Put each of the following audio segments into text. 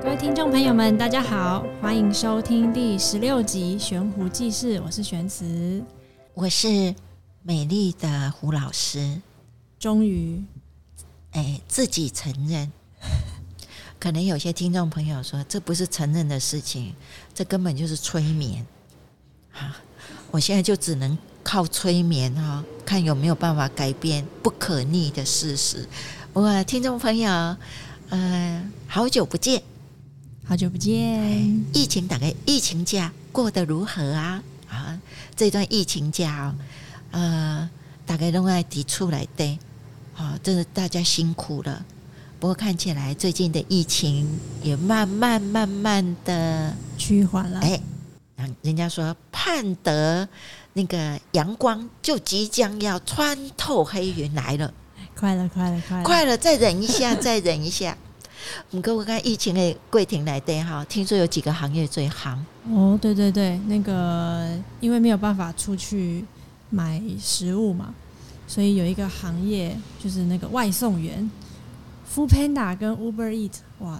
各位聽眾朋友們，大家好，歡迎收聽第十六集《懸壺濟世》，我是玄慈，我是美麗的胡老師，終於，哎，自己承認。可能有些聽眾朋友說，這不是承認的事情，這根本就是催眠。哈、啊，我現在就只能靠催眠啊、哦，看有沒有辦法改變不可逆的事實。我、啊、聽眾朋友，嗯、呃，好久不見。好久不見，哎，疫情大概疫情假過得如何啊？啊，這段疫情假，呃，大概都為提出來對，好，啊，真的大家辛苦了。不過看起來最近的疫情也慢慢慢慢的趨緩了。哎，人家說盼得那個陽光就即將要穿透黑雲來了。快了，快了，快了，快了，快了，再忍一下，再忍一下。 你跟我剛疫情的桂婷來電哈，聽說有幾個行業最行哦，對對對，那個因為沒有辦法出去買食物嘛，所以有一個行業就是那個外送員 Food Panda 跟 Uber Eat，哇，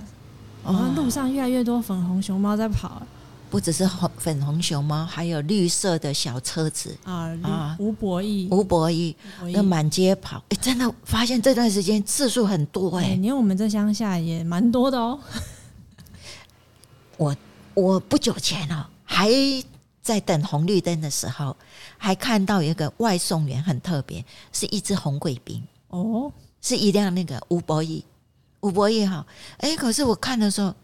然後路上越來越多粉紅熊貓在跑。不只是紅粉紅熊貓，還有綠色的小車子啊！啊，Uber Eats，Uber Eats 那滿街跑，欸、真的發現這段時間次數很多哎，欸。連、欸、我們在鄉下也蠻多的哦，喔。我我不久前哦，喔，還在等紅綠燈的時候，還看到一個外送員很特別，是一隻紅貴賓哦，是一輛那個 Uber Eats，Uber Eats 哈。哎，喔欸，可是我看的時候。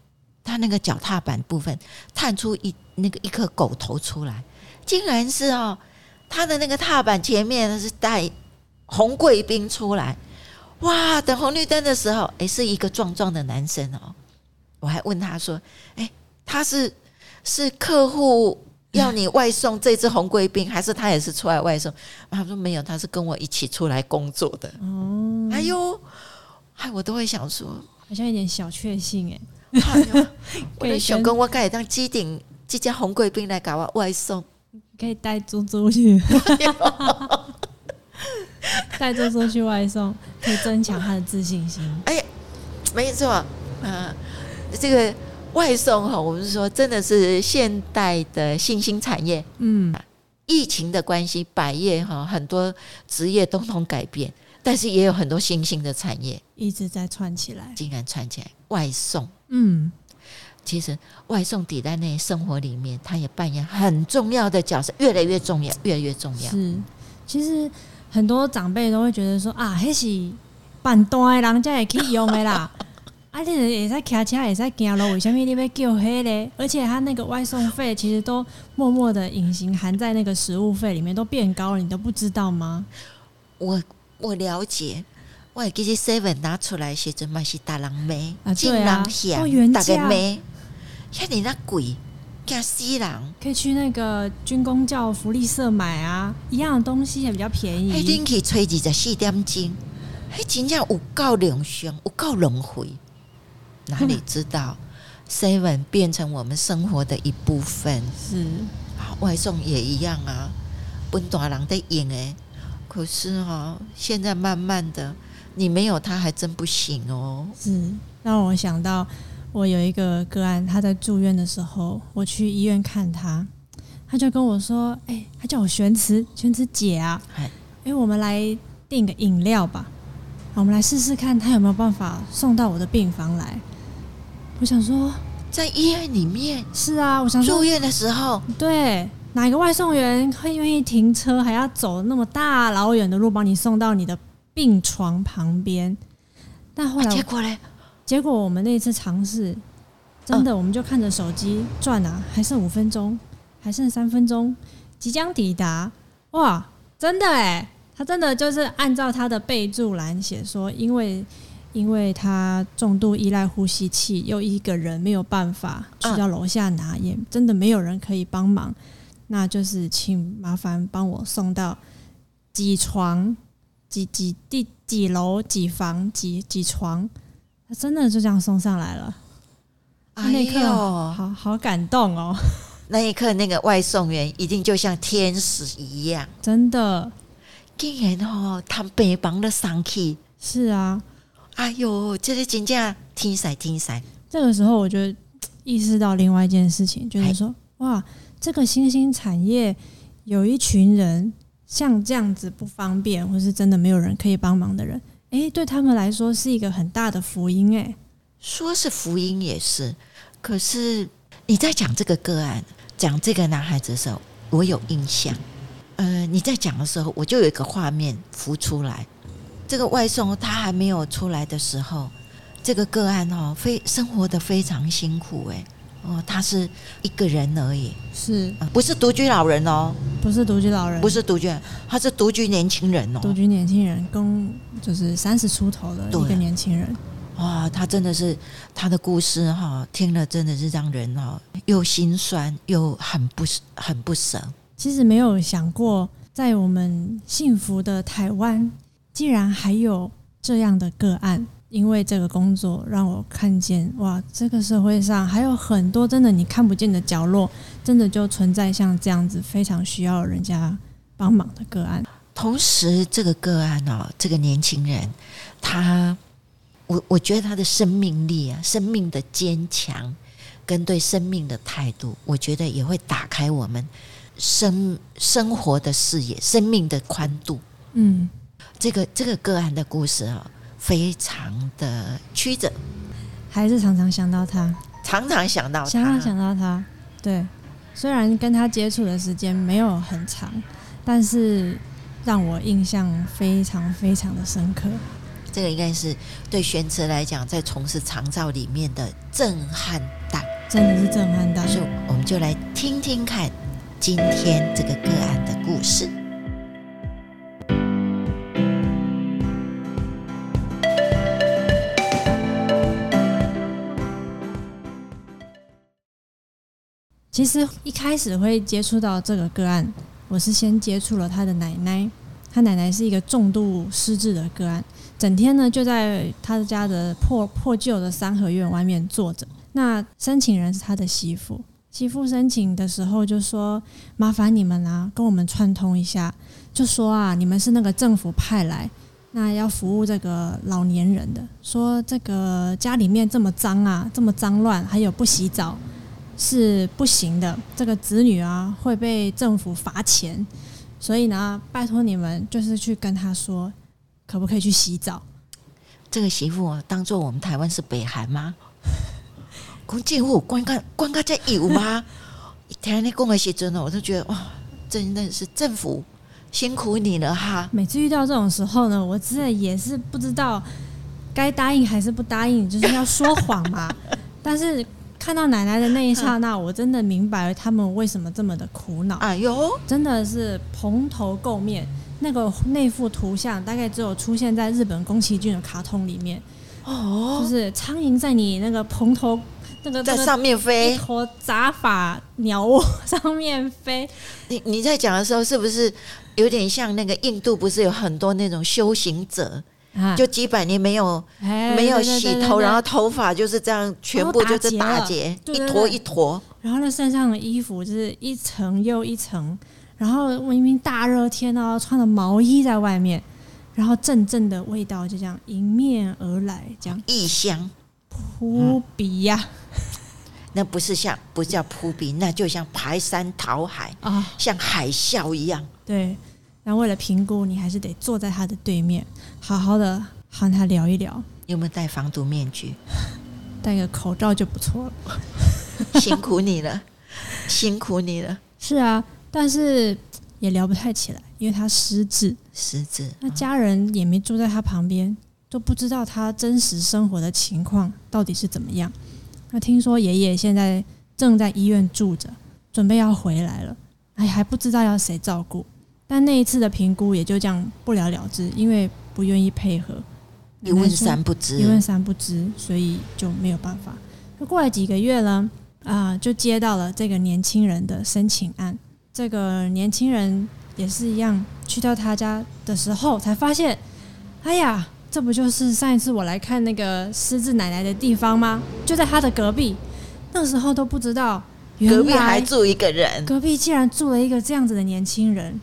他那個腳踏板部分探出一那個一顆狗頭出來，竟然是哦，他的那個踏板前面是帶紅貴賓出來，哇！等紅綠燈的時候，哎，是一個壯壯的男生哦。我還問他說：“哎，他是是客戶要你外送這隻紅貴賓，還是他也是出來外送？”他說：“沒有，他是跟我一起出來工作的。”哦，哎呦，嗨，我都會想說，好像有點小確幸哎。 可以跟，想講我改一張機頂，直接紅貴賓來搞我外送，可以帶豬豬去，帶豬豬去外送，可以增強他的自信心，嗯。哎，沒錯，呃，這個外送哈，我們說真的是現代的新興產業。嗯，疫情的關係，百業哈，很多職業都能改變。但是也有很多新興的產業一直在串起來，竟然串起來外送。嗯，其實外送抵在那生活裡面，它也扮演很重要的角色，越來越重要，越來越重要。是，其實很多長輩都會覺得說啊，黑辦板端人家也可以用的啦， 啊，這人也在騎車，也在行路，為什麼你被叫黑嘞？而且他那個外送費，其實都默默的隱形含在那個食物費裡面，都變高了，你都不知道嗎？我。我了解，我還記得 seven 拿出來時陣嘛，是大人買、囡仔買、大家買，看你那鬼，嚇死人。可以去那個軍公教福利社買啊，一樣的東西也比較便宜。一定去吹二十四點鐘，還真正有夠龍軒，有夠浪費。哪裡知道 seven 變成我們生活的一部分？是啊，外送也一樣啊，笨蛋人的眼哎。可是哦，現在慢慢的，你沒有他還真不行哦。是讓我想到，我有一個個案，他在住院的時候，我去醫院看他，他就跟我說：“哎，他叫我玄慈，玄慈姐啊。”哎，我們來訂個飲料吧，我們來試試看他有沒有辦法送到我的病房來。我想說，在醫院裡面是啊，我想說住院的時候對。哪一個外送員會願意停車，還要走那麼大老遠的路，把你送到你的病床旁邊？但後來結果嘞，結果我們那次嘗試，真的，我們就看着手機轉啊，還剩五分鐘，還剩三分鐘，即將抵達。哇，真的欸，他真的就是按照他的備注欄寫說，因為因為他重度依賴呼吸器，又一個人沒有辦法去到樓下拿，也真的沒有人可以幫忙。那就是請麻煩幫我送到幾床幾幾第幾樓幾，幾房幾幾床，他真的就這樣送上來了那一刻。哎呦，好好感動哦！那一刻，那個外送員一定就像天使一樣，真的，竟然哦，他背幫的上去。是啊，哎呦，這是真正挺帥挺帥。這個時候，我就意識到另外一件事情，就是說哇。這個新興產業，有一群人像這樣子不方便，或是真的沒有人可以幫忙的人，誒，對他們來說是一個很大的福音。誒，說是福音也是。可是你在講這個個案，講這個男孩子的時候，我有印象。呃，你在講的時候，我就有一個畫面浮出來。這個外送他還沒有出來的時候，這個個案哦，非生活得非常辛苦，誒。哦，他是一個人而已，是不是獨居老人哦？不是獨居老人，不是獨居，他是獨居年輕人哦。獨居年輕人，跟就是三十出頭的一個年輕人。哇，他真的是他的故事哈，哦，聽了真的是讓人哦，又心酸又很不舍，很不舍。其實沒有想過，在我們幸福的台灣，竟然還有這樣的個案。因為這個工作讓我看見，哇，這個社會上還有很多真的你看不見的角落，真的就存在像這樣子非常需要人家幫忙的個案。同時，這個個案哦，這個年輕人，他，我我覺得他的生命力啊，生命的堅強跟對生命的態度，我覺得也會打開我們生生活的視野，生命的寬度。嗯，這個這個個案的故事啊、哦。非常的曲折，還是常常想到他，常常想到他，常常想,想到他。對，雖然跟他接觸的時間沒有很長，但是讓我印象非常非常的深刻。這個應該是對玄慈來講，在從事長照裡面的震撼大，真的是震撼大。所以我們就來聽聽看今天這個個案的故事。其實一開始會接觸到這個個案，我是先接觸了他的奶奶，他奶奶是一個重度失智的個案，整天呢就在他的家的破破舊的三合院外面坐着。那申請人是他的媳婦，媳婦申請的時候就說：“麻煩你們啊，跟我們串通一下，就說啊，你們是那個政府派來，那要服務這個老年人的，說這個家裡面這麼髒啊，這麼髒亂，還有不洗澡。”是不行的，這個子女啊會被政府罰錢，所以呢，拜託你們就是去跟他說，可不可以去洗澡？這個媳婦啊，當做我們台灣是北韓嗎？公進戶光看光看這有嗎？天天公文寫真的，我都覺得哇，真的是政府辛苦你了哈！每次遇到這種時候呢，我真的也是不知道該答應還是不答應，就是要說謊嘛，但是。看到奶奶的那一剎那，我真的明白他們為什麼這麼的苦惱。哎呦，真的是蓬頭垢面，那個那幅圖像大概只有出現在日本宮崎駿的卡通裡面。哦，就是蒼蠅在你那個蓬頭那個在上面飛，一頭雜髮鳥窩上面飛。你你在講的時候，是不是有點像那個印度？不是有很多那種修行者？就幾百年沒有沒有洗頭，然後頭髮就是這樣全部就是打結，一坨一坨。然後那身上的衣服就是一層又一層，然後明明大熱天啊，穿了毛衣在外面，然後陣陣的味道就這樣迎面而來，這樣異香撲鼻呀。啊、那不是像，不是叫撲鼻，那就像排山倒海啊，像海嘯一樣。對。那為了評估，你還是得坐在他的對面，好好的和他聊一聊。有沒有戴防毒面具？戴個口罩就不錯了。 辛苦你了，辛苦你了。是啊，但是也聊不太起來，因為他失智。失智。那家人也沒住在他旁邊，都不知道他真實生活的情況到底是怎麼樣。那聽說爺爺現在正在醫院住着，準備要回來了，哎，還不知道要誰照顧。但那一次的評估也就這樣不了了之，因為不願意配合，一問三不知，一問三不知，所以就沒有辦法。就過了幾個月呢，啊、呃，就接到了這個年輕人的申請案。這個年輕人也是一樣，去到他家的時候才發現，哎呀，這不就是上一次我來看那個獅子奶奶的地方嗎？就在他的隔壁。那時候都不知道，隔壁還住一個人，隔壁竟然住了一個這樣子的年輕人。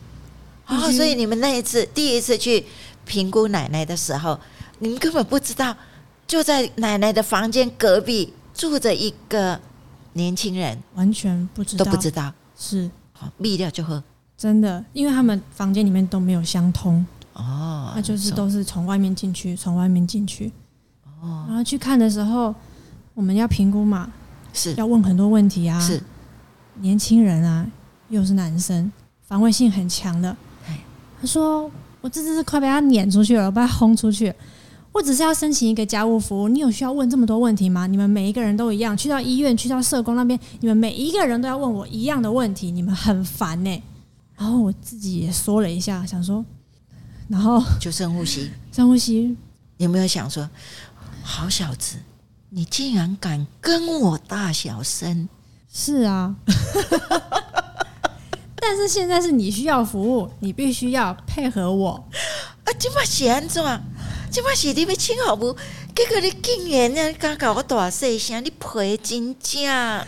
然後、哦、所以你們那一次第一次去評估奶奶的時候，你們根本不知道，就在奶奶的房間隔壁住着一個年輕人，完全不知道都不知道是好，閉掉就喝，真的，因為他們房間裡面都沒有相通哦，那就是都是從外面進去，從外面進去哦，然後去看的時候，我們要評估嘛，是要問很多問題啊，是年輕人啊，又是男生，防衛性很強的。他說：“我這次是快被他攆出去了，我把他轟出去。我只是要申請一個家務服務。你有需要問這麼多問題嗎？你們每一個人都一樣，去到醫院，去到社工那邊，你們每一個人都要問我一樣的問題，你們很煩呢。然後我自己也說了一下，想說，然後就深呼吸，深呼吸。有沒有想說，好小子，你竟然敢跟我大小聲？是啊。” 但是現在是你需要服務，你必須要配合我。啊，這麼寫完是嗎？今把寫的沒清好不？哥哥，你今年那剛搞個多少歲？先，你賠金價。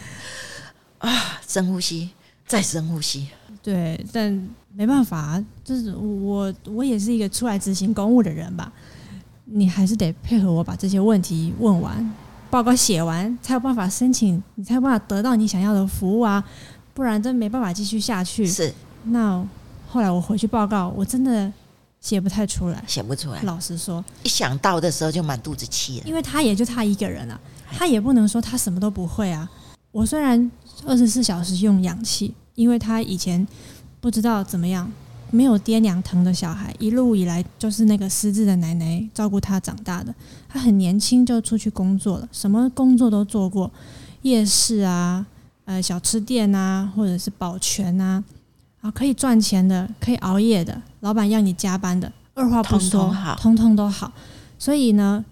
啊，深呼吸，再深呼吸。對，但沒辦法，就是我，我也是一個出來執行公務的人吧。你還是得配合我把這些問題問完，報告寫完，才有辦法申請，你才有辦法得到你想要的服務啊。不然真沒辦法繼續下去。是，那後來我回去報告，我真的寫不太出來，寫不出來。老實說，一想到的時候就滿肚子氣了。因為他也就他一個人啊，他也不能說他什麼都不會啊。我雖然二十四小時用氧氣，因為他以前不知道怎麼樣，沒有爹娘疼的小孩，一路以來就是那個失智的奶奶照顧他長大的。他很年輕就出去工作了，什麼工作都做過，夜市啊。呃，小吃店吶，啊，或者是保全吶，啊，可以賺錢的，可以熬夜的，老闆要你加班的，二話不說，通通，通通都好。所以呢，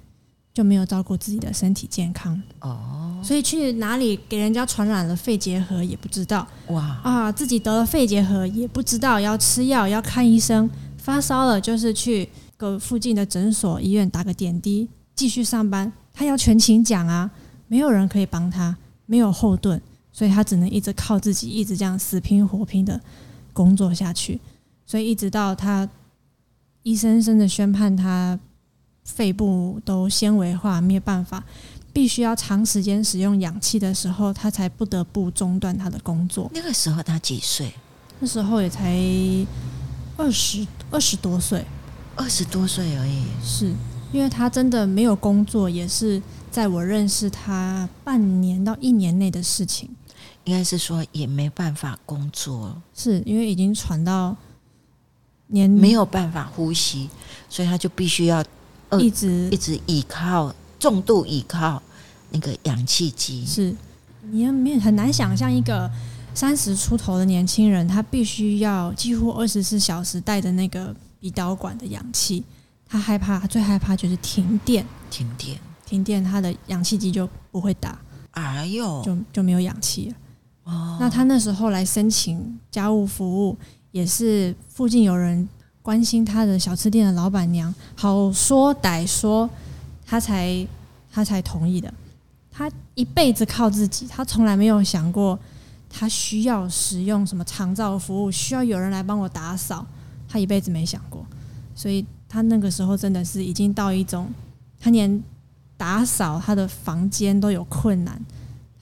就沒有照顧自己的身體健康哦。所以去哪裡給人家傳染了肺結核也不知道哇啊，自己得了肺結核也不知道要吃藥要看醫生，發燒了就是去個附近的診所醫院打個點滴繼續上班，他要全勤獎啊，沒有人可以幫他，沒有後盾。所以他只能一直靠自己，一直這樣死拼活拼的工作下去。所以一直到他醫生生的宣判，他肺部都纖維化，沒有辦法，必須要長時間使用氧氣的時候，他才不得不中斷他的工作。那個時候他幾歲？那時候也才二十二十多歲，二十多歲而已。是因為他真的沒有工作，也是在我認識他半年到一年內的事情。應該是說也沒辦法工作了，是因為已經傳到年沒有辦法呼吸，所以他就必須要一直一直依靠重度依靠那個氧氣機。是，你也沒很難想象一個三十出頭的年輕人，他必須要幾乎二十四小時帶着那個鼻導管的氧氣。他害怕，最害怕就是停電。停電，停電，他的氧氣機就不會打。哎呦，就就沒有氧氣了。那他那時候來申請家務服務，也是附近有人關心他的小吃店的老板娘，好說歹說，他才他才同意的。他一輩子靠自己，他從來沒有想過他需要使用什麼長照服務，需要有人來幫我打掃，他一輩子沒想過。所以他那個時候真的是已經到一種，他連打掃他的房間都有困難。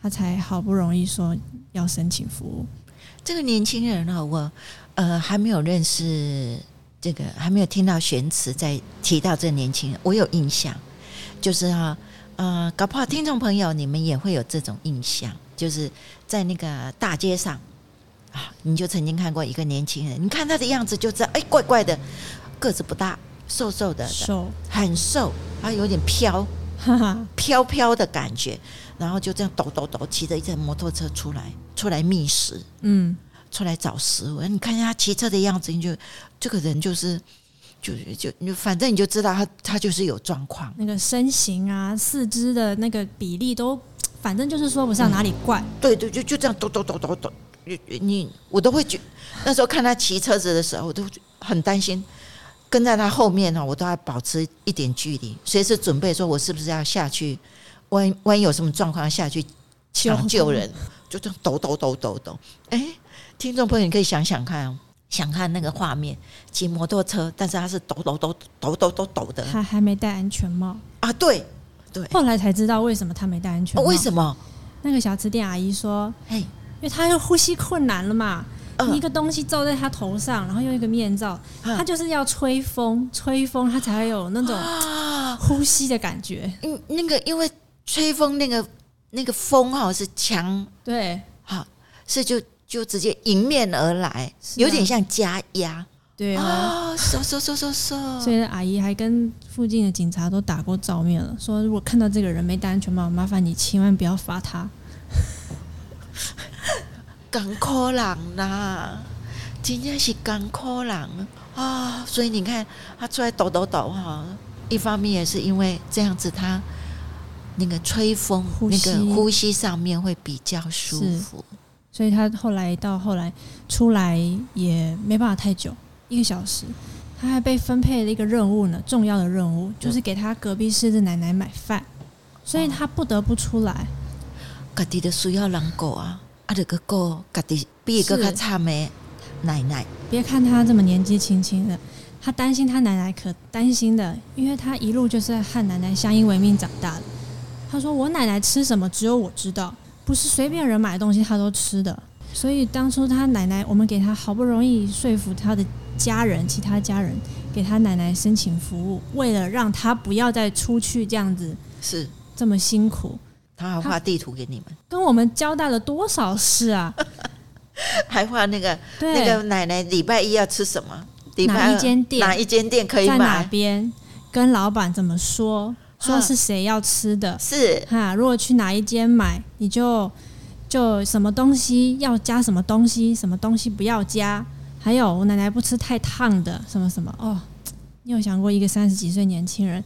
他才好不容易說要申請服務。這個年輕人啊，我呃還沒有認識，這個還沒有聽到玄慈在提到這個年輕人，我有印象，就是哈呃搞不好聽眾朋友你們也會有這種印象，就是在那個大街上啊，你就曾經看過一個年輕人，你看他的樣子就知道，哎、欸、怪怪的，個子不大，瘦瘦的，瘦很瘦，他、啊、有點飄，哈哈飄飄的感覺。然後就這樣抖抖抖，騎着一輛摩托車出來，出來覓食，嗯，出來找食物。你看他騎車的樣子，你就這個人就是，就就，就反正你就知道他他就是有狀況，那個身形啊、四肢的那個比例都，反正就是說不上哪裡怪。對、嗯、對，就就這樣抖抖抖抖抖，你你我都會覺得。那時候看他騎車子的時候，我都很擔心，跟在他後面呢、喔，我都要保持一點距離，隨時準備說我是不是要下去。萬一，萬一有什麼狀況，下去搶救人，就這樣抖抖抖抖抖。誒、欸，聽眾朋友，你可以想想看，喔，想看那個畫面，騎摩托車，但是他是抖抖抖抖抖抖抖的，他還沒戴安全帽啊？對對。後來才知道為什麼他沒戴安全帽？哦、為什麼？那個小吃店阿姨說：“哎嘿，因為他要呼吸困難了嘛，一個東西罩在他頭上，然後用一個面罩，呃、他就是要吹風，吹風他才有那種呼吸的感覺。嗯、啊，那個因為。”吹風那個那個風哈是強對好，是就就直接迎面而來，啊、有點像加壓對哦嗎，嗖嗖嗖嗖嗖。所以阿姨還跟附近的警察都打過照面了，說如果看到這個人沒戴安全帽，麻煩你千萬不要罰他。艱苦人吶，今天是艱苦人啊！Oh, 所以你看他出來抖抖抖哈，一方面也是因為這樣子他。那個吹風，呼吸那個呼吸上面會比較舒服，所以他後來到後來出來也沒辦法太久，一個小時，他還被分配了一個任務呢，重要的任務就是給他隔壁室的奶奶買飯，嗯、所以他不得不出來。的需要個、啊、比一個沒奶奶。別看他這麼年紀輕輕的，他擔心他奶奶，可擔心的，因為他一路就是和奶奶相依為命長大的。他說：“我奶奶吃什麼，只有我知道，不是隨便人買東西，她都吃的。所以當初他奶奶，我們給他好不容易說服他的家人，其他家人給他奶奶申請服務，為了讓他不要再出去這樣子，是這麼辛苦。他還畫地圖給你們，跟我們交代了多少事啊？還畫那個那個奶奶禮拜一要吃什麼？禮拜一間店哪一間店可以在哪邊？跟老闆怎麼說？”說是誰要吃的，啊，是哈？如果去哪一間買，你就就什麼東西要加什麼東西，什麼東西不要加。還有我奶奶不吃太燙的，什麼什麼哦。你有想過一個三十幾歲年輕人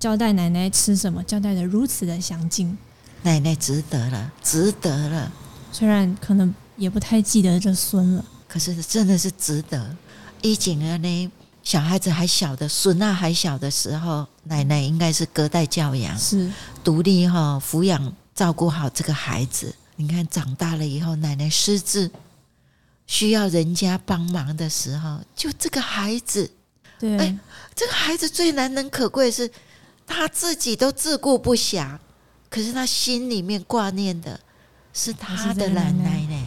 交代奶奶吃什麼，交代得如此的詳盡？奶奶值得了，值得了。雖然可能也不太記得這孫了，可是真的是值得。一景兒呢？小孩子還小的，孫娜還小的時候，奶奶應該是隔代教養，是獨立哈、哦，撫養照顧好這個孩子。你看長大了以後，奶奶失智需要人家幫忙的時候，就這個孩子，對、欸，這個孩子最難能可貴是，他自己都自顧不暇，可是他心裡面掛念的是他的奶奶，奶、奶、欸，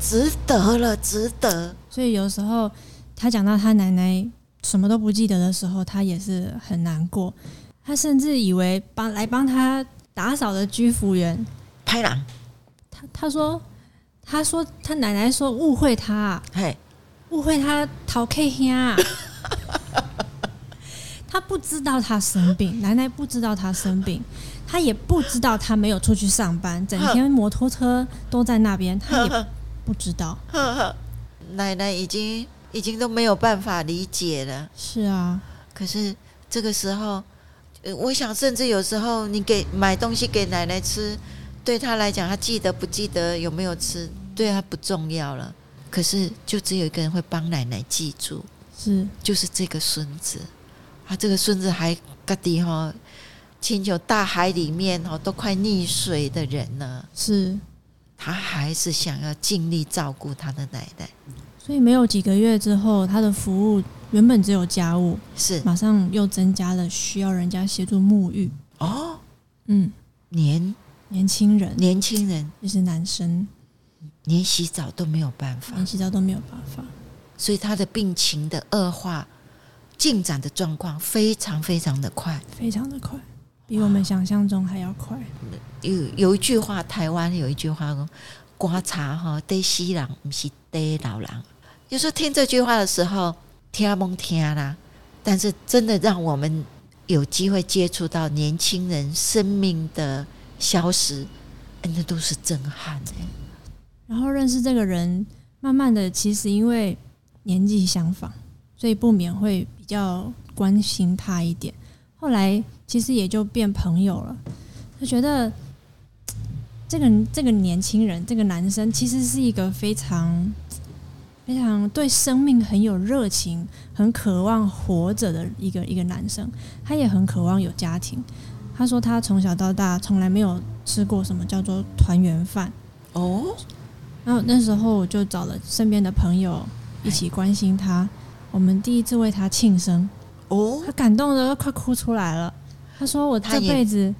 值得了，值得。所以有時候他講到他奶奶。什麼都不記得的時候，他也是很難過。他甚至以為幫來幫他打掃的居服員拍了人他。他說：“他說他奶奶說誤會他，誤い會他逃 K 他不知道他生病， 奶奶不知道他生病，他也不知道他沒有出去上班，整天摩托車都在那邊，他也不知道。 奶奶已經。”已經都沒有辦法理解了。是啊，可是這個時候，我想，甚至有時候你給買東西給奶奶吃，對他來講，他記得不記得有沒有吃，對他不重要了。可是，就只有一個人會幫奶奶記住，是，就是這個孫子。他這個孫子還個地哈，請求大海裡面哦，都快溺水的人呢，是。他還是想要盡力照顧他的奶奶，所以沒有幾個月之後，他的服務原本只有家務，是馬上又增加了需要人家協助沐浴哦，嗯，年年輕人，年輕人，就是男生連洗澡都沒有辦法，連洗澡都沒有辦法，所以他的病情的惡化進展的狀況非常非常的快，非常的快。比我們想象中還要快。有有一句話，台灣有一句話說：“刮茶哈，對西郎，不是對老郎。”有時候，聽這句話的時候，聽啊懵聽啊啦，但是真的讓我們有機會接觸到年輕人生命的消失，那都是震撼的。然後認識這個人，慢慢的，其實因為年紀相仿，所以不免會比較關心他一點。後來。其實也就變朋友了。他覺得這個這個年輕人，這個男生其實是一個非常非常對生命很有熱情、很渴望活着的一個一個男生。他也很渴望有家庭。他說他從小到大從來沒有吃過什麼叫做團圓飯。哦。然後那時候我就找了身邊的朋友一起關心他。唉我們第一次為他慶生。哦。他感動的都快哭出來了。他說：“我這輩子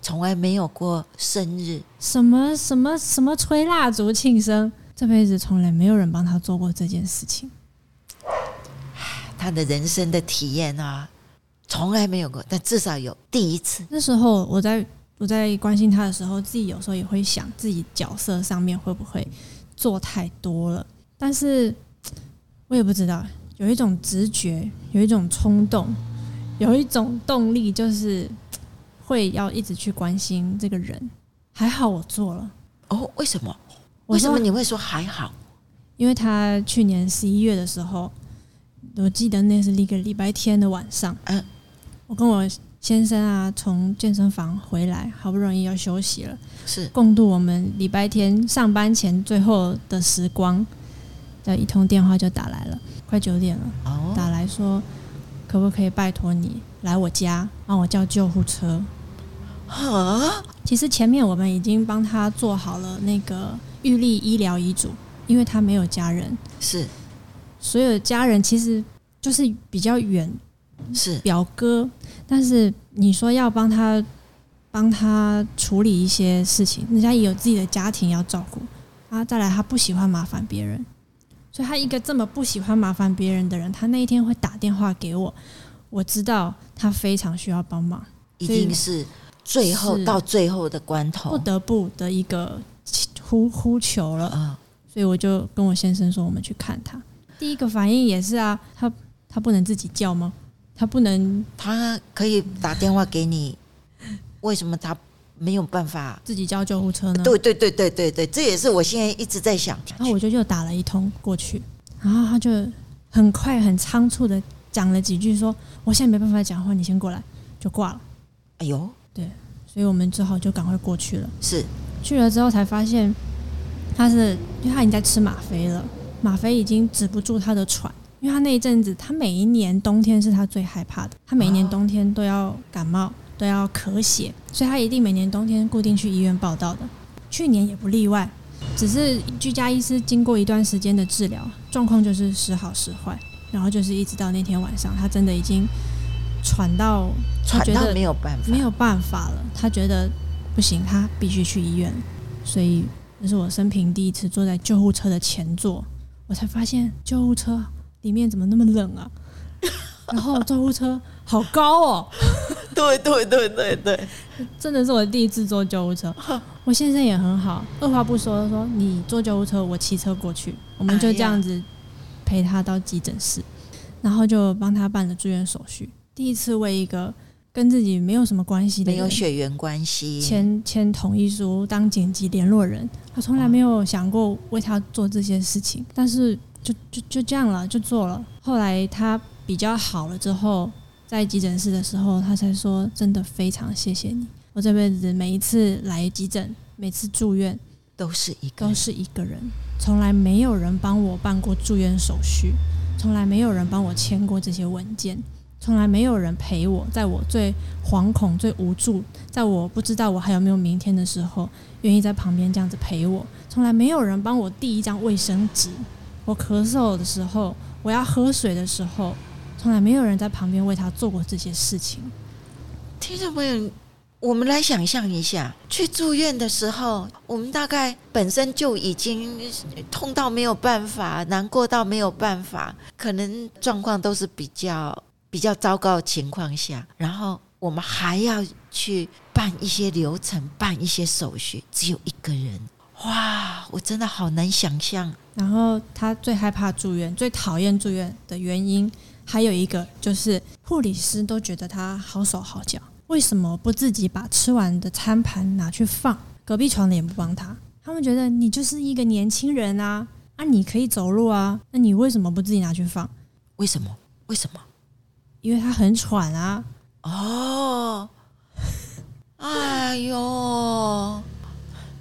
從來沒有過生日，什麼什麼什麼吹蠟燭慶生，這輩子從來沒有人幫他做過這件事情。他的人生的體驗啊，從來沒有過，但至少有第一次。那時候我在我在關心他的時候，自己有時候也會想，自己角色上面會不會做太多了？但是我也不知道，有一種直覺，有一種衝動。”有一種動力，就是會要一直去關心這個人。還好我做了哦，為什麼？為什麼你會說還好？因為他去年十一月的時候，我記得那是一個禮拜天的晚上，嗯，我跟我先生啊從健身房回來，好不容易要休息了，是共度我們禮拜天上班前最後的時光，這一通電話就打來了，快九點了，打來說。可不可以拜託你來我家幫我叫救護車？啊！其實前面我們已經幫他做好了那個預立醫療遺囑，因為他沒有家人。是，所有家人其實就是比較遠，是表哥。但是你說要幫他幫他處理一些事情，人家也有自己的家庭要照顧。啊，再來，他不喜歡麻煩別人。所以他一個這麼不喜歡麻煩別人的人，他那一天會打電話給我，我知道他非常需要幫忙，一定是最後到最後的關頭，不得不的一個呼呼求了。所以我就跟我先生說，我們去看他。第一個反應也是啊，他他不能自己叫嗎？他不能？他可以打電話給你？為什麼他？沒有辦法自己叫救護車呢？對對對對對對，這也是我現在一直在想。然後我就又打了一通過去，然後他就很快很倉促的講了幾句，說我現在沒辦法講話，你先過來，就掛了。哎呦，對，所以我們只好就趕快過去了。是去了之後才發現，他是因為他已經在吃嗎啡了，嗎啡已經止不住他的喘，因為他那一陣子，他每一年冬天是他最害怕的，他每一年冬天都要感冒。都要咳血，所以他一定每年冬天固定去醫院報到的。去年也不例外，只是居家醫師經過一段時間的治療，狀況就是時好時壞，然後就是一直到那天晚上，他真的已經喘到，喘到沒有辦法，沒有辦法了。他覺得不行，他必須去醫院。所以這是我生平第一次坐在救護車的前座，我才發現救護車裡面怎麼那麼冷啊！然後救護車好高哦。對對對對對，真的是我第一次坐救護車。我先生也很好，二話不說，說你坐救護車，我騎車過去。我們就這樣子陪他到急診室，然後就幫他辦了住院手續。第一次為一個跟自己沒有什麼關係、沒有血緣關係簽簽同意書，當緊急聯絡人。他從來沒有想過為他做這些事情，但是就就就這樣了，就做了。後來他比較好了之後。在急診室的時候，他才說：“真的非常謝謝你，我這輩子每一次來急診，每次住院，都是一個，都是一個人，從來沒有人幫我辦過住院手續，從來沒有人幫我簽過這些文件，從來沒有人陪我，在我最惶恐、最無助，在我不知道我還有沒有明天的時候，願意在旁邊這樣子陪我，從來沒有人幫我遞一張衛生紙，我咳嗽的時候，我要喝水的時候。”從來沒有人在旁邊為他做過這些事情。聽眾朋友，我們來想象一下，去住院的時候，我們大概本身就已經痛到沒有辦法，難過到沒有辦法，可能狀況都是比較比較糟糕的情況下，然後我們還要去辦一些流程，辦一些手續，只有一個人。哇，我真的好難想象。然後他最害怕住院，最討厭住院的原因。還有一個就是護理師都覺得他好手好腳，為什麼不自己把吃完的餐盤拿去放？隔壁床的也不幫他，他們覺得你就是一個年輕人啊，啊，你可以走路啊，那你為什麼不自己拿去放？為什麼？為什麼？因為他很喘啊！哦，哎呦，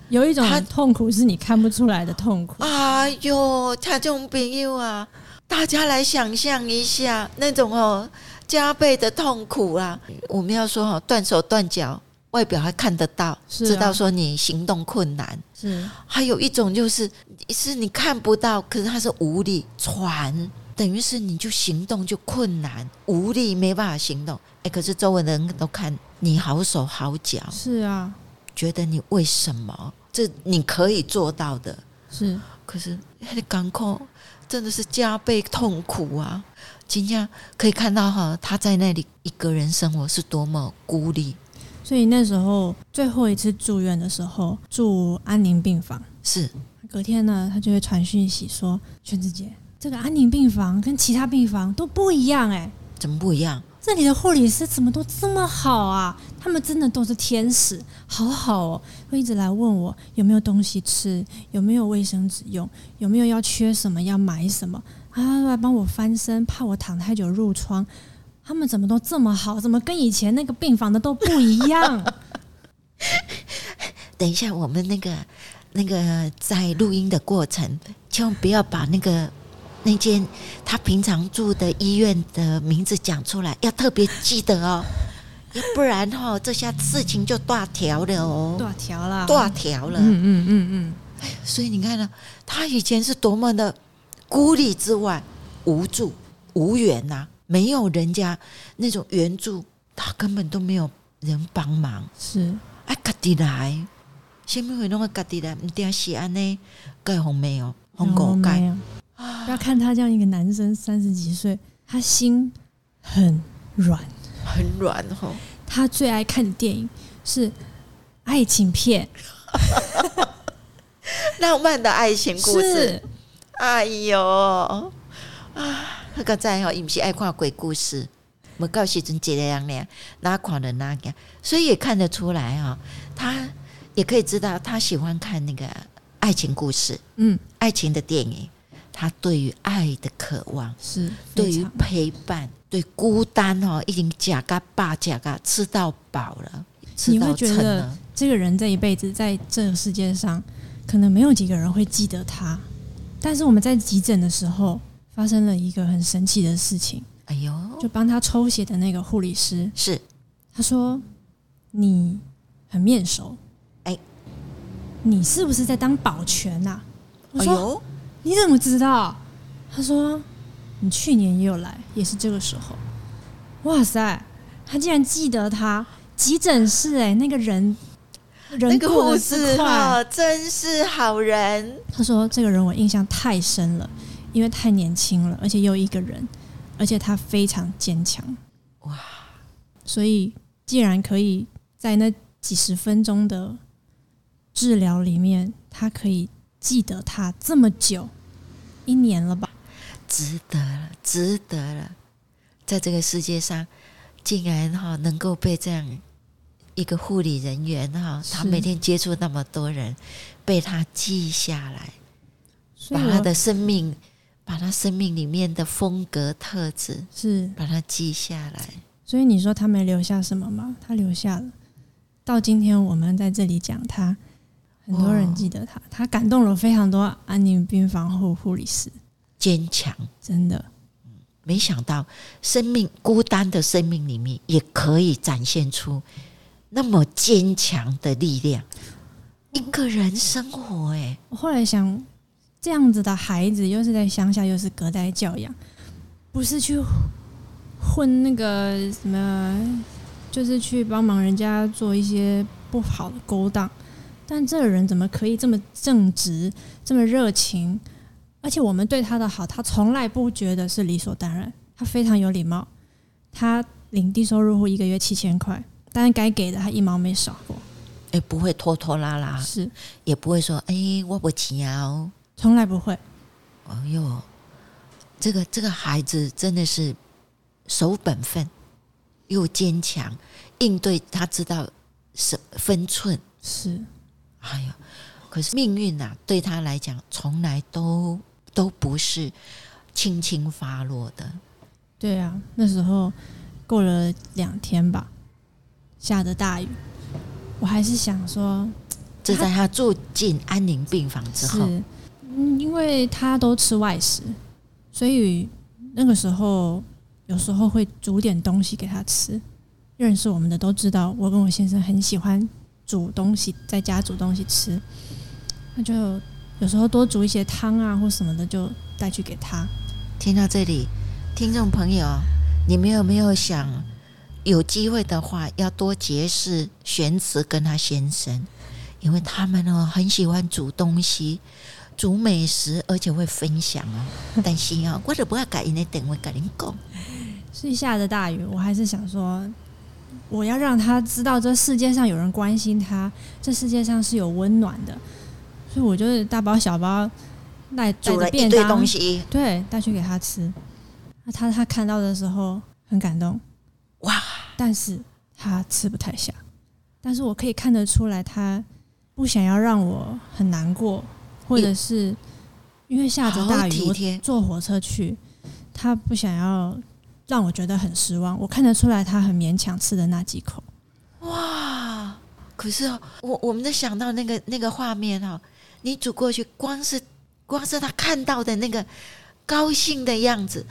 有一種痛苦是你看不出來的痛苦。哎呦，他這種病又啊。大家來想象一下那種哦、喔，加倍的痛苦啊！我們要說哈、喔，斷手斷腳，外表還看得到，是啊，知道說你行動困難。是，還有一種就是是你看不到，可是他是無力傳，等於是你就行動就困難，無力沒辦法行動。哎、欸，可是周圍的人都看你好手好腳，是啊，覺得你為什麼這你可以做到的？是，可是很感掌真的是加倍痛苦啊！今天可以看到哈，他在那裡一個人生活是多麼孤立。所以那時候最後一次住院的時候，住安寧病房。是隔天呢，他就會傳訊息說：“全智姐，這個安寧病房跟其他病房都不一樣哎，怎麼不一樣？這裡的護理師怎麼都這麼好啊？”他們真的都是天使，好好哦，會一直來問我有沒有東西吃，有沒有衛生紙用，有沒有要缺什麼要買什麼啊，來幫我翻身，怕我躺太久褥瘡。他們怎麼都這麼好？怎麼跟以前那個病房的都不一樣？ 等一下，我們那個那個在錄音的過程，千萬不要把那個那間他平常住的醫院的名字講出來，要特別記得哦。不然哈、哦，這下事情就大條了哦。大條了，大條了。嗯嗯嗯嗯。嗯嗯嗯哎，所以你看了、啊，他以前是多麼的孤立之外、無助、無援吶、啊，沒有人家那種援助，他根本都沒有人幫忙。是，哎，各地來，下面會弄個各地來，你點西安呢？蓋紅沒有紅果蓋啊。啊要看他這樣一個男生三十幾歲，他心很軟。很軟哦，他最愛看的電影是愛情片， 浪漫的愛情故事是。哎呦啊，那個在好，伊不愛看鬼故事。我告訴真姐的樣咧，那款人那樣，所以也看得出來啊，他也可以知道他喜歡看那個愛情故事，嗯，愛情的電影。他對於愛的渴望是對於陪伴，對孤單哦，已經假嘎巴假嘎吃到飽了。了你會覺得這個人這一輩子在這個世界上，可能沒有幾個人會記得他。但是我們在急診的時候發生了一個很神奇的事情。哎呦，就幫他抽血的那個護理師是他說，你很面熟，哎，你是不是在當保全吶、啊？我說。哎呦你怎麼知道？他說：“你去年也有來，也是這個時候。”哇塞！他竟然記得他急診室哎，那個人，人那個護士，哦，真是好人。他說：“這個人我印象太深了，因為太年輕了，而且又一個人，而且他非常堅強。”哇！所以既然可以在那幾十分鐘的治療裡面，他可以。記得他這麼久，一年了吧？值得了，值得了。在這個世界上，竟然哈能夠被這樣一個護理人員哈，是他每天接觸那麼多人，被他記下來，以把他的生命，把他生命裡面的風格特質是，把它記下來。所以你說他沒留下什麼嗎？他留下了。到今天我們在這裡講他。很多人記得他，他感動了非常多安寧病房護護理師。堅強，真的，沒想到生命孤單的生命裡面，也可以展現出那麼堅強的力量。一個人生活，誒，我後來想，這樣子的孩子，又是在鄉下，又是隔代教養，不是去混那個什麼，就是去幫忙人家做一些不好的勾當。但這個人怎麼可以這麼正直、這麼熱情？而且我們對他的好，他從來不覺得是理所當然。他非常有禮貌。他領低收入戶一個月七千塊，但該給的他一毛沒少過。哎、欸，不會拖拖拉拉，是也不會說哎、欸，我不行，從來不會。哎呦，這個這個孩子真的是守本分，又堅強，應對他知道是分寸是。哎呀，可是命運吶、啊，對他來講，從來都都不是輕輕發落的。對啊，那時候過了兩天吧，下着大雨，我還是想說，就在他住進安寧病房之後，嗯，因為他都吃外食，所以那個時候有時候會煮點東西給他吃。認識我們的都知道，我跟我先生很喜歡。煮東西，在家煮東西吃，那就有時候多煮一些湯啊，或什麼的，就帶去給他。聽到這裡，聽眾朋友，你們有沒有想有機會的話，要多結識玄慈跟他先生，因為他們呢很喜歡煮東西、煮美食，而且會分享哦、喔。但是啊、喔， 我都不要改，因為等會改你講。所以下著大雨，我還是想說。我要讓他知道，這世界上有人關心他，這世界上是有溫暖的。所以，我就是大包小包，帶帶着一堆東西，對，帶去給他吃。他他看到的時候很感動，哇！但是他吃不太下。但是我可以看得出來，他不想要讓我很難過，或者是因為下着大雨，我坐火車去，他不想要。讓我覺得很失望，我看得出來他很勉強吃的那幾口。哇！可是哦、喔，我我們就想到那個那個畫面哈、喔，你走過去，光是光是他看到的那個高興的樣子，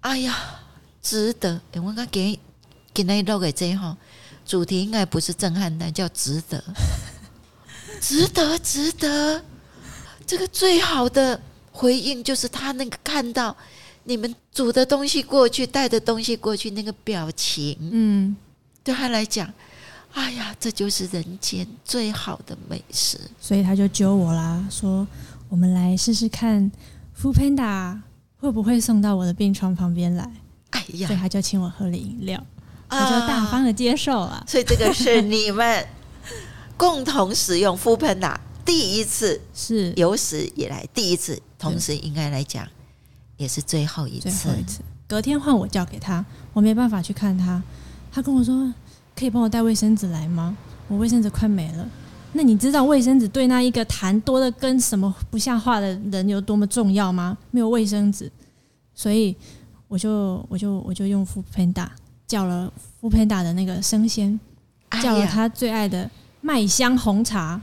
哎呀，值得！等、欸、我剛給給那一段給這一號、喔、主題應該不是震撼但，但叫值得， 值得，值得。這個最好的回應就是他那個看到。你們煮的東西過去，帶的東西過去，那個表情，嗯，對他來講，哎呀，這就是人間最好的美食，所以他就揪我啦，說我們來試試看，foodpanda 會不會送到我的病床旁邊來？哎呀，所以他就請我喝了飲料，我就大方的接受了。所以這個是你們共同使用 foodpanda 第一次，是有史以來第一次，同時應該來講。也是最後一次，一次隔天換我叫給他，我沒辦法去看他。他跟我說，可以幫我帶衛生紙來嗎？我衛生紙快沒了。那你知道衛生紙對那一個痰多的跟什麼不像話的人有多麼重要嗎？沒有衛生紙，所以我就我就我就用富平達叫了富平達的那個生鮮，哎、呀叫了他最愛的麥香紅茶。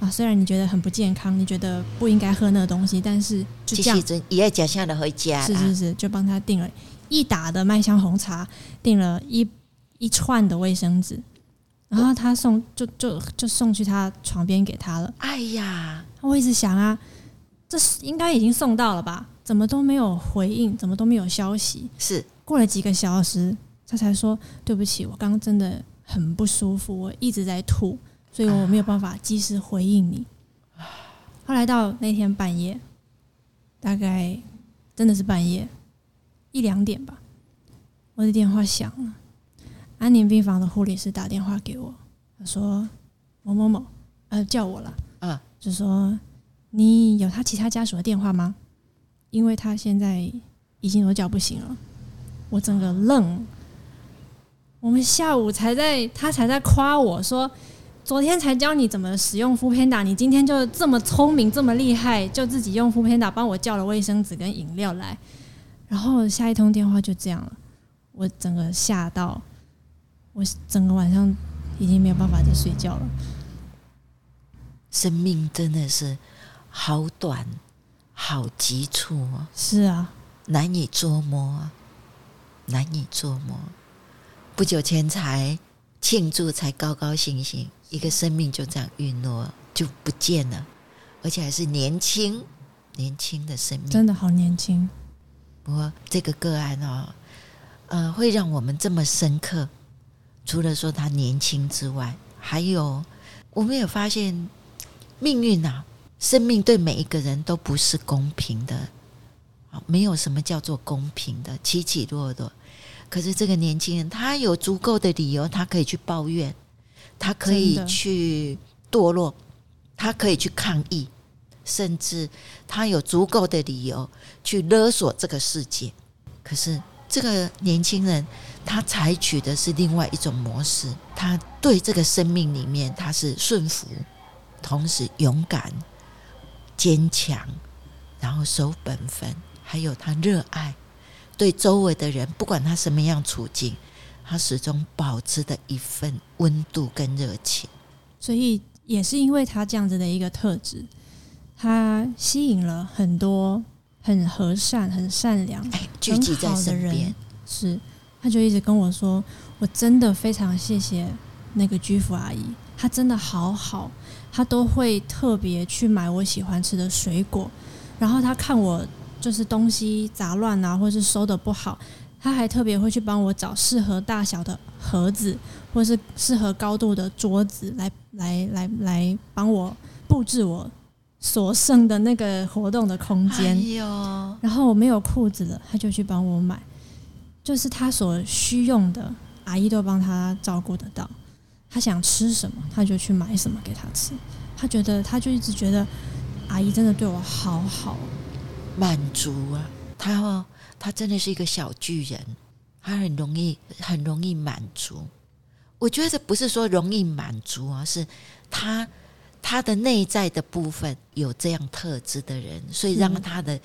啊！雖然你覺得很不健康，你覺得不應該喝那個東西，但是就這樣子，一夜假相的回家，是是是，就幫他訂了一打的麥香紅茶，訂了一一串的衛生紙，然後他送，就就就，就送去他床邊給他了。哎呀，我一直想啊，這是應該已經送到了吧？怎麼都沒有回應，怎麼都沒有消息？是過了幾個小時，他才說：“對不起，我剛剛真的很不舒服，我一直在吐。”所以我沒有辦法及時回應你。後來到那天半夜，大概真的是半夜一兩點吧，我的電話響了，安寧病房的護理師打電話給我，他說：“某某某，呃，叫我了。”啊，就說你有他其他家屬的電話嗎？因為他現在已經都叫不醒了。我整個愣。我們下午才在，他才在誇我說。昨天才教你怎麼使用 foodpanda，你今天就這麼聰明，這麼厲害，就自己用 foodpanda 幫我叫了衛生紙跟飲料來，然後下一通電話就這樣了。我整個嚇到，我整個晚上已經沒有辦法再睡覺了。生命真的是好短，好急促啊、哦！是啊，難以捉摸，難以捉摸。不久前才慶祝，才高高興興。一個生命就這樣隕落，就不見了，而且還是年輕年輕的生命，真的好年輕。不過這個個案哦，呃，會讓我們這麼深刻，除了說他年輕之外，還有我們有發現，命運啊，生命對每一個人都不是公平的，啊，沒有什麼叫做公平的，起起落落。可是這個年輕人，他有足夠的理由，他可以去抱怨。他可以去墮落，他可以去抗議，甚至他有足夠的理由去勒索這個世界。可是這個年輕人，他採取的是另外一種模式。他對這個生命裡面，他是順服，同時勇敢、堅強，然後守本分，還有他熱愛，對周圍的人，不管他什麼樣處境。他始終保持的一份溫度跟熱情，所以也是因為他這樣子的一個特質，他吸引了很多很和善、很善良、聚集在身邊。是，他就一直跟我說：“我真的非常謝謝那個居服阿姨，她真的好好，她都會特別去買我喜歡吃的水果。然後她看我就是東西雜亂啊，或是收得不好。”他還特別會去幫我找適合大小的盒子，或是適合高度的桌子來，來來來來幫我布置我所剩的那個活動的空間。然後我沒有褲子了，他就去幫我買。就是他所需用的阿姨都幫他照顧得到。他想吃什麼，他就去買什麼給他吃。他覺得，他就一直覺得阿姨真的對我好好，滿足啊。他要、哦。他真的是一個小巨人，他很容易很容易滿足。我覺得這不是說容易滿足啊，是他他的內在的部分有這樣特質的人，所以讓他的誒、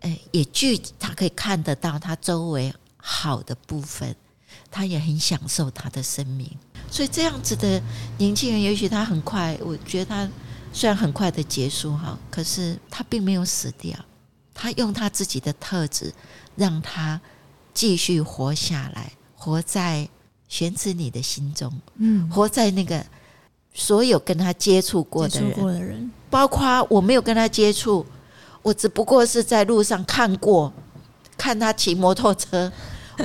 嗯欸、也具他可以看得到他周圍好的部分，他也很享受他的生命。所以這樣子的年輕人，也許他很快，我覺得他雖然很快的結束哈，可是他並沒有死掉。他用他自己的特質，讓他繼續活下來，活在玄慈你的心中，嗯，活在那個所有跟他接觸過的人，的人包括我沒有跟他接觸，我只不過是在路上看過，看他騎摩托車，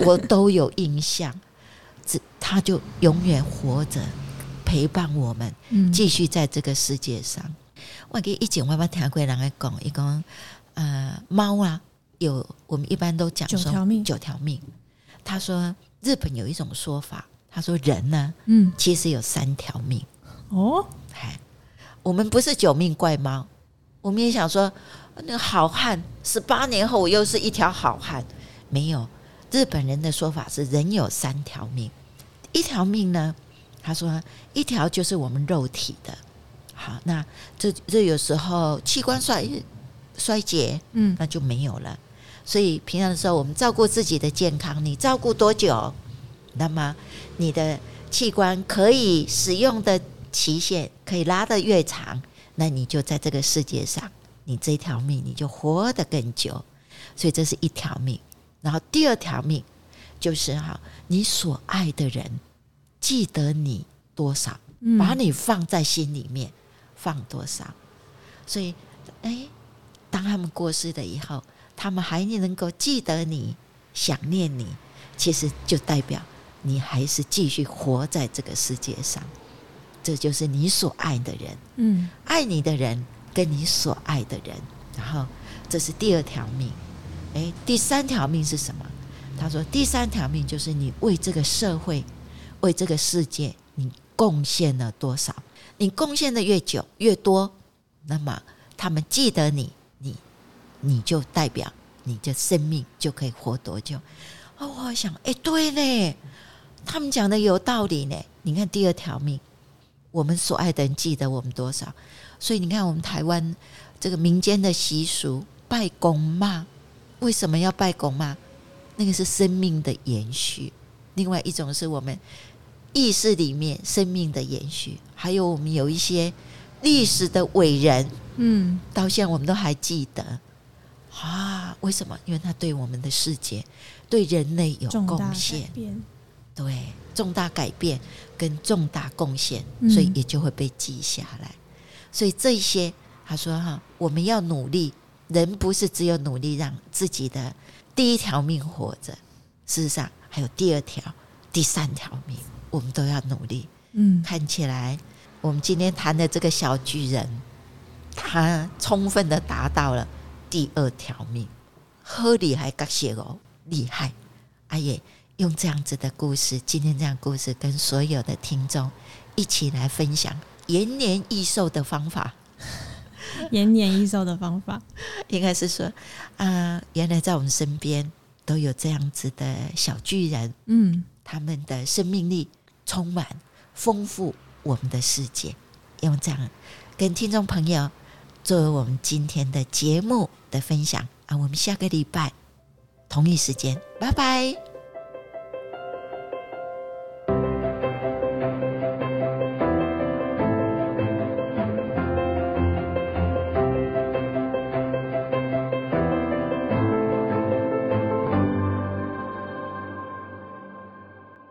我都有印象， 他就永遠活着，陪伴我們，嗯，繼續在這個世界上。我給一姐我怕調過來講，一講。呃，貓啊，有我們一般都講說九條命。九條命，他說日本有一種說法，他說人呢、啊，嗯，其實有三條命。哦，嗨，我們不是九命怪貓，我們也想說那個好漢十八年後我又是一條好漢。沒有，日本人的說法是人有三條命，一條命呢，他說一條就是我們肉體的。好，那這這有時候器官衰。衰竭，嗯，那就沒有了。嗯、所以平常的時候，我們照顧自己的健康，你照顧多久，那麼你的器官可以使用的期限可以拉得越長，那你就在這個世界上，你這條命你就活得更久。所以這是一條命。然後第二條命就是哈，你所愛的人記得你多少，嗯、把你放在心裡面放多少。所以，哎。當他們過世了以後，他們還能夠記得你、想念你，其實就代表你還是繼續活在這個世界上。這就是你所愛的人，嗯，愛你的人跟你所愛的人，然後這是第二條命。誒，第三條命是什麼？他說，第三條命就是你為這個社會、為這個世界，你貢獻了多少？你貢獻的越久、越多，那麼他們記得你。你就代表你的生命就可以活多久？哦，我想，哎，對嘞，他們講的有道理嘞。你看第二條命，我們所愛的人記得我們多少？所以你看，我們台灣這個民間的習俗，拜公媽，為什麼要拜公媽？那個是生命的延續。另外一種是我們意識裡面生命的延續。還有我們有一些歷史的偉人，嗯，到現在我們都還記得。啊，為什麼？因為他對我們的世界、對人類有貢獻，重大改變，對，重大改變跟重大貢獻，嗯，所以也就會被記下來。所以這些，他說哈，我們要努力。人不是只有努力讓自己的第一條命活着，事實上還有第二條、第三條命，我們都要努力。嗯，看起來我們今天談的這個小巨人，他充分的達到了。第二條命，合理還更些哦，厲害！阿耶，用這樣子的故事，今天這樣故事，跟所有的聽眾一起來分享延年益壽的方法。延年益壽的方法， 應該是說啊、呃，原來在我們身邊都有這樣子的小巨人，嗯，他們的生命力充滿豐富我們的世界。用這樣跟聽眾朋友作為我們今天的節目的分享啊，我們下個禮拜同一時間，拜拜。